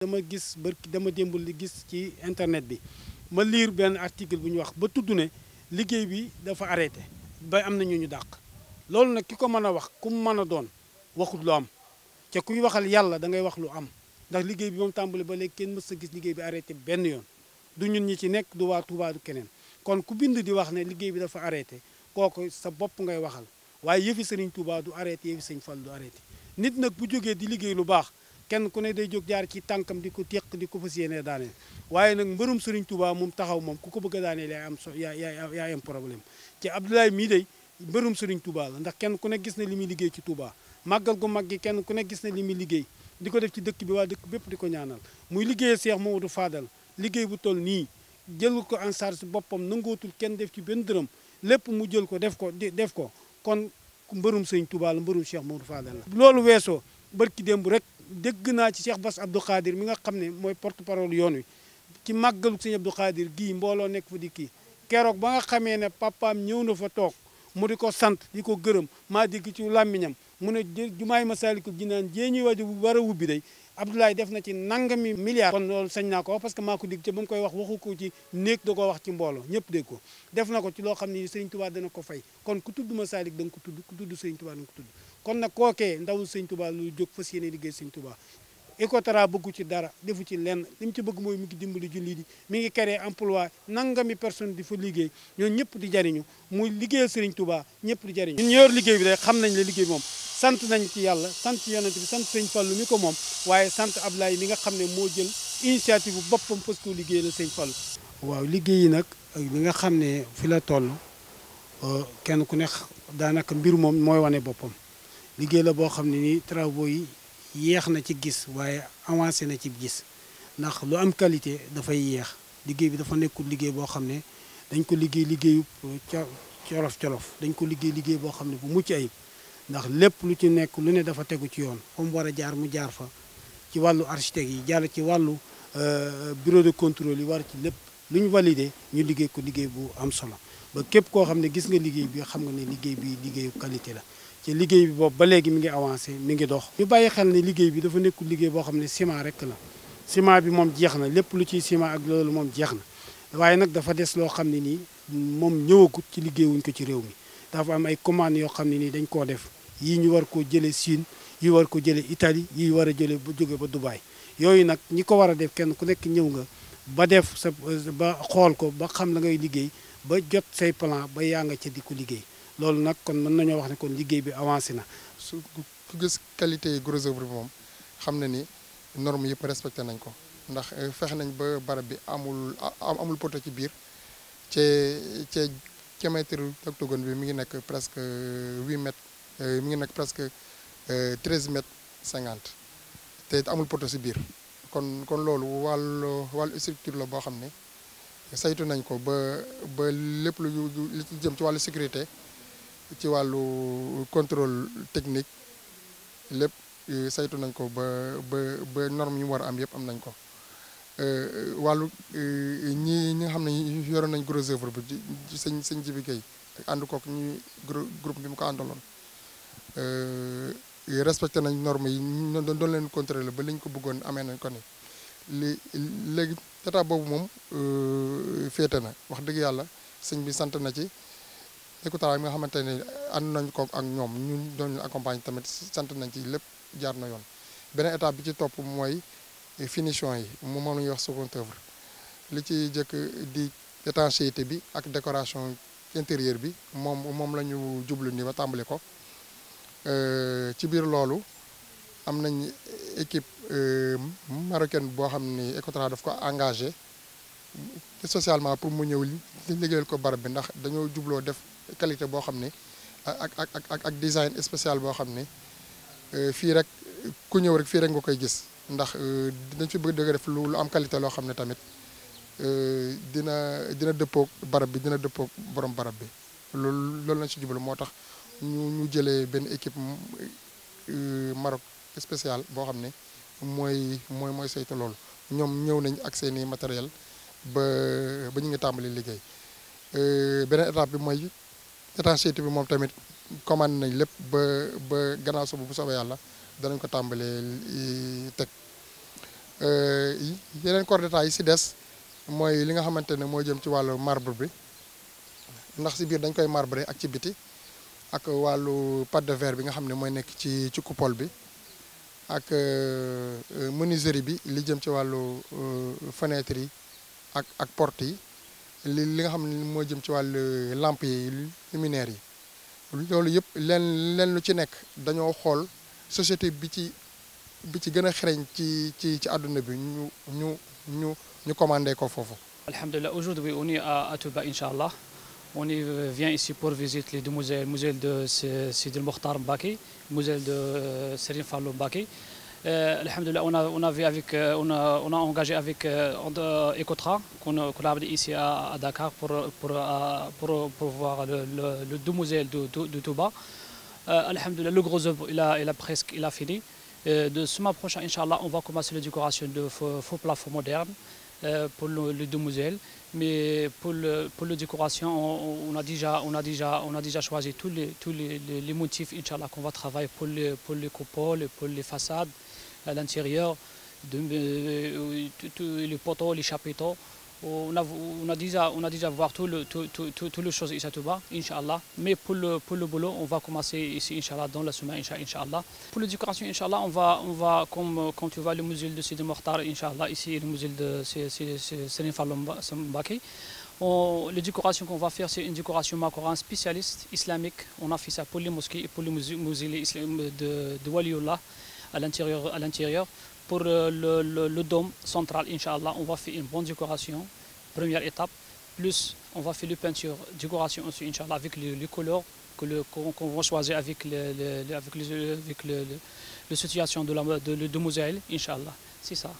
dama gis bërki dama démbal li gis ci internet bi ma liir benn article bu ñu wax ba tudd ne liggéey bi dafa arrêté ba am nañu ñu dàq loolu nag ki ko mën a wax ku mu mën a doon waxut lu am te kuy waxal yàlla da ngay wax lu am ndax liggéey bi moom tàmbali ba léegi kenn mës sa gis liggéey bi arrêté benn yoon du ñun ñi ci nekk du waa Touba du keneen kon ku bind di wax ne liggéey bi dafa arrêté kooku sa bopp ngay waxal waaye yëfi Serigne Touba du arrêté yëfi Serigne Fall du arrêté nit nag bu jógee di liggéey lu baax kenn ku ne day jog jaar ci tànkam di ko téq di ko fas yéene daaneel waaye nag mbërum sëriñ Touba moom taxaw moom ku ko bëgg a daaneel yaay am so yaay am problème ci Abdoulaye mii day mbërum Serigne Touba la ndax kenn ku ne gis na li muy liggéey ci Touba màggal gu mag gi kenn ku ne gis na li muy liggéey di ko def ci dëkk bi waa dëkk bépp di ko ñaanal muy liggéeyee Cheikh Mamadou Fadal liggéey bu toll nii jël ko en charge boppam nangootul kenn def ci benn dërëm lépp mu jël ko def ko def ko kon mbërum Serigne tubaal la mbërum Cheikh Mamadou Fadal la loolu weesoo bër ci démb rek dégg naa ci Cheikh Bass Abdou Khadir mi nga xam ne mooy porte parole yoon wi ci màggalu sëñ Abdou Khadir gii mbooloo nekk fa di kii keroog ba nga xamee ne papaam ñëw na fo toog mu di ko sant di ko gërëm maa dégg ci làmmiñam mu ne jumaay Masaalikul Jinaan jée ñuy wajo war a wubbi day Abdoulaye def na ci nangami milliard kon loolu sañ naa ko wax parce que maa ko digg ca ba mu koy wax waxu ko ci néeg da wax ci mbooloo ñëpp dégg ko def na ko ci loo xam ne Sëriñ Tuubaa dana ko fay kon ku tudd Masaalik da ko tudd ku tudd Sëriñ Tuubaa da nga kon nag kookee ndawul sëñ Touba lu jóg fas yéene liggéey sëñ Touba Ecotra bëggu ci dara defu ci lenn li mu ci bëgg mooy mu ngi dimbali julli di mi ngi créé emploi nangami personne di fa liggéey ñoom ñëpp di jariñu muy liggéeyal sëriñ Touba ñëpp di jariñu ñun yor liggéey bi rek xam nañ la liggéey moom sant nañ ci yàlla sant yonent bi sant sëñ Fallou mi ko moom waaye sant Ablaye mi nga xam ne moo jël initiative bu boppam fas ko liggéey la sëñ Fallou waaw liggéey yi nag bi nga xam ne fi la toll euh, kenn ku ne daanaka mbir moom mooy wane boppam liggéey la boo xam ne nii travaux yi yéex na ci gis waaye avancé na ci gis ndax lu am qualité dafay yéex liggéey bi dafa nekkul liggéey boo xam ne dañ ko liggéey liggéeyu colof colof dañ ko liggéey liggéey boo xam ne bu mucc ayib ndax lépp lu ci nekk lu ne dafa tegu ci yoon fa mu war a jaar mu jaar fa ci wàllu architecte yi jàll ci wàllu euh, bureau de contrôle yi war ci lépp lu ñu validé ñu liggéey ko liggéey bu am solo ba képp koo xam ne gis nga liggéey bi xam nga ne liggéey bi liggéeyu qualité la ci liggéey bi boobu ba léegi mi ngi avancé mi ngi dox ñu bàyyi xel ne liggéey bi dafa nekkul liggéey boo xam ne ciment rek la ciment bi moom jeex na lépp lu ciy ciment ak loolu moom jeex na waaye nag dafa des loo xam ne nii moom ñëwagut ci liggéeyuñ ko ci réew mi dafa am ay commandes yoo xam ne nii dañ koo def yii ñu war koo jëlee Chine yi war ko jëlee Italie yi war a jëlee ba jóge ba Dubaï yooyu nag ñi ko war a def kenn ku nekk ñëw nga ba def sa ba xool ko ba xam la ngay liggéey ba jot say plan ba yaa nga ca di liggéey loolu nag kon mën nañoo wax ne kon liggéey bi avancé na. su gis qualité yi gros bi moom xam na ni norme yëpp respecté nañ ko ndax euh, fexe nañ ba barab bi amul amul poto ci biir ce cee diamètre octogone bi mi ngi nekk presque euh, huit euh, mi ngi nekk presque treize mètres cinquante te amul poto si biir kon kon loolu wàllu wàllu structure la boo xam ne saytu nañ ko ba ba lépp lu jëm ci wàllu sécurité. ci wàllu contrôle technique lépp euh, saytu nañ ko ba ba ba norme yu war am yëpp am nañ ko euh, euh, wàllu ñi ñi nga xam ne yoroon nañ gros œuvre bi ci sëñ sëñ Jibi Gueye ànd kook ñu groupe bi mu ko àndaloon respecté nañ normes yi doon leen contrôler ba liñ ko bëggoon amee nañ ko ne li léegi état boobu moom féete na wax dëgg yàlla sëñ bi sant na ci Ecotra mi nga xamante ne ànd nañ ko ak ñoom ñun doon ñu accompagner tamit sant nañ ci lépp jaar na yoon beneen étape bi ci topp mooy finition yi mu moom la ñuy wax second œuvre li ci jëkk di étanchéité bi ak décoration intérieure bi moom moom la ñu jublu ni ba tàmbali ko euh, ci biir loolu am nañ équipe euh, marocaine boo xam ni Ecotra daf ko engagé socialement pour mu ñëw liggéeyal ko barab bi ndax dañoo jubloo def qualité boo xam ne ak ak ak ak design spécial boo xam ne euh, fii rek ku ñëw rek fii rek nga koy gis ndax euh, dañ fi bëgg dëgg def lu am qualité loo xam ne tamit euh, dina dina dëppoog barab bi dina dëppoog borom barab bi loolu loolu si jublu moo tax ñu ñu jëlee benn équipe Maroc spécial boo xam ne mooy mooy mooy saytu loolu ñoom ñëw nañ ak seeni matériel ba ba ñu ngi tàmbali liggéey beneen étape bi mooy état bi moom tamit commande nañ lépp ba ba gannaaw suba bu soobee yàlla danañ ko tàmbalee teg euh, yeneen coordinateur yi si des mooy li nga xamante ne moo jëm ci wàllu marbre bi ndax si biir dañ koy marbré ak ci biti ak wàllu pâte de verre bi nga xam ne mooy nekk ci ci coupole bi ak euh, menuiserie bi li jëm ci wàllu euh, fenêtre yi ak ak porte yi li li nga xam ne moo jëm ci wàllu lampe yi luminaire yi loolu yëpp leen leen lu ci nekk dañoo xool société bi ci bi ci gën a xereñ ci ci ci àdduna bi ñu ñu ñu ñu commandé ko foofu. Alhamdulillah, aujourd'hui on est à Touba Inch'Allah. On y euh, vient ici pour visiter les deux musées, le musée de Sidi Mokhtar Mbaki, le musée de euh, Sérin Fallou Mbaki. Euh, on a, on, avec, euh, on, a, on a engagé avec euh, Ecotra, qu'on collaboré ici à, Dakar pour, pour, pour, pour voir le, le, de, de, Touba. le gros œuvre, il a, il presque il a fini. de ce matin prochain, Inch'Allah, on va commencer la décoration de faux, faux plafonds modernes. Euh, pour le, les demoiselles. Mais pour, le, la décoration, on, a déjà, on, a déjà, on a déjà choisi tous les, tous les, les, motifs, qu'on va travailler pour le pour les pour les façades, à l'intérieur, euh, euh, les poteaux, les chapiteaux. On a, on déjà, on a déjà voir toutes tout, tout, tout, le choses ici à Touba, Inch'Allah. Mais pour le, le boulot, on va commencer ici, Inch'Allah, dans la semaine, Inch'Allah. Pour l'éducation, Inch'Allah, on va, on va comme, quand tu vois, le musée de Sidi Mokhtar, Inch'Allah, ici, le musée de Sérin Mbaki. L'éducation qu'on va faire, c'est une décoration macoran spécialiste islamique. On a fait ça pour les mosquées et pour les musées, de, de Waliullah à l'intérieur pour euh, le, dôme central, Inch'Allah, on va faire une bonne décoration, première étape. Plus, on va faire les peinture décoration aussi, Inch'Allah, avec les, couleurs qu'on va choisir avec, la avec, le, situation de la de, Moselle, Inch'Allah. C'est ça.